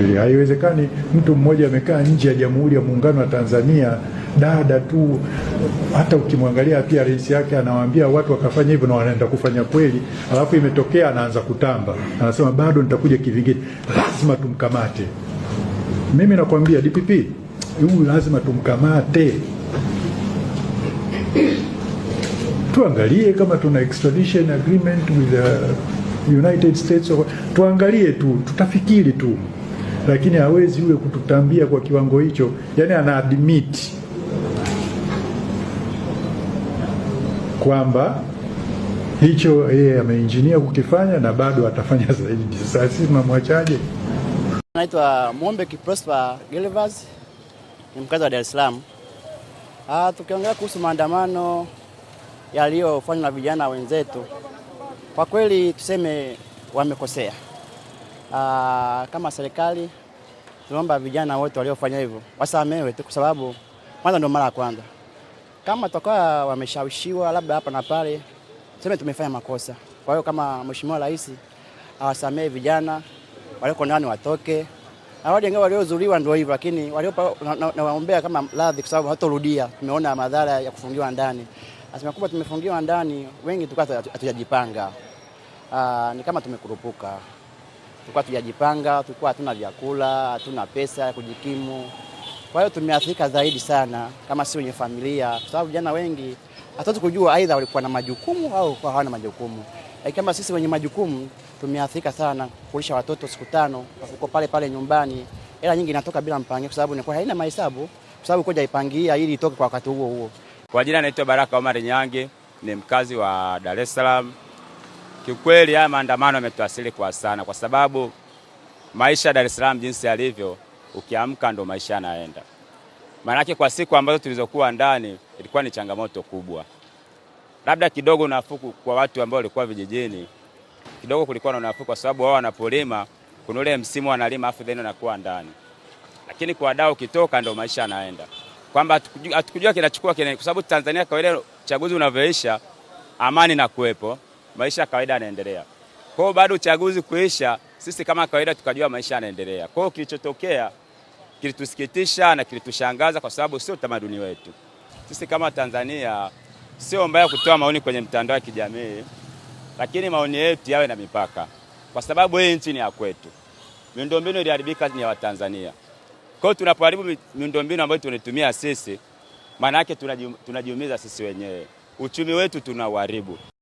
Eh, haiwezekani mtu mmoja amekaa nje ya Jamhuri ya Muungano wa Tanzania, dada tu. Hata ukimwangalia pia rais yake, anawaambia watu wakafanya hivyo na wanaenda kufanya kweli, alafu imetokea anaanza kutamba, anasema bado nitakuja kivingine. Lazima tumkamate. Mimi nakwambia DPP huyu lazima tumkamate, tuangalie kama tuna extradition agreement with the United States, tuangalie tu, tutafikiri tu lakini hawezi yule kututambia kwa kiwango hicho, yani ana admit kwamba hicho yeye ameinjinia kukifanya na bado atafanya zaidi. Sasa sisi tunamwachaje? Naitwa Mombe Kiprosper Gervas, ni mkazi wa Dar es Salaam. Ah, tukiongea kuhusu maandamano yaliyofanywa na vijana wenzetu, kwa kweli tuseme wamekosea. Aa, ah, kama serikali tunaomba vijana wote waliofanya hivyo wasamewe tu, kwa sababu kwanza ndio mara ya kwanza. Kama tutakuwa wameshawishiwa labda hapa na pale, tuseme tumefanya makosa. Kwa hiyo kama Mheshimiwa Rais awasamehe vijana walioko ndani watoke, na wale wengine waliozuliwa ndio hivyo, lakini waliopa nawaombea kama radhi, kwa sababu hatorudia. Tumeona madhara ya kufungiwa ndani, asema kubwa tumefungiwa ndani, wengi tukao hatujajipanga, ah, ni kama tumekurupuka tulikuwa tujajipanga, tulikuwa hatuna vyakula, hatuna pesa ya kujikimu. Kwa hiyo tumeathirika zaidi sana kama si wenye familia, kwa sababu vijana wengi hatuwezi kujua aidha walikuwa na majukumu au kwa hawana majukumu. Lakini kama sisi wenye majukumu tumeathirika sana kulisha watoto siku tano uko pale pale nyumbani, hela nyingi inatoka bila mpangilio, kwa sababu inakuwa haina mahesabu, kwa sababu kuja ipangia ili itoke kwa wakati huo huo. Kwa jina naitwa Baraka Omar Nyange, ni mkazi wa Dar es Salaam. Kiukweli haya maandamano yametuasili kwa sana, kwa sababu maisha ya Dar es Salaam jinsi yalivyo, ukiamka ndo maisha yanaenda. Maanake kwa siku ambazo tulizokuwa ndani ilikuwa ni changamoto kubwa, labda kidogo nafuku kwa watu ambao walikuwa vijijini, kidogo kulikuwa na nafuku kwa sababu wao wanapolima kuna ule msimu wanalima afu then wanakuwa ndani, lakini kwa wadau ukitoka ndo maisha yanaenda, kwamba hatukujua kinachukua, kwa sababu Tanzania kwa ile chaguzi unavyoisha amani na kuwepo maisha kawaida yanaendelea. Kwa hiyo bado uchaguzi kuisha, sisi kama kawaida tukajua maisha yanaendelea. Kwa hiyo kilichotokea kilitusikitisha na kilitushangaza, kwa sababu sio utamaduni wetu. Sisi kama Tanzania sio mbaya kutoa maoni kwenye mtandao wa kijamii, lakini maoni yetu yawe na mipaka, kwa sababu hii nchi ni ya kwetu. Miundombinu iliharibika ni ya Watanzania. Kwa hiyo tunapoharibu miundombinu ambayo tunaitumia sisi, maana yake tunajiumiza sisi wenyewe, uchumi wetu tunauharibu.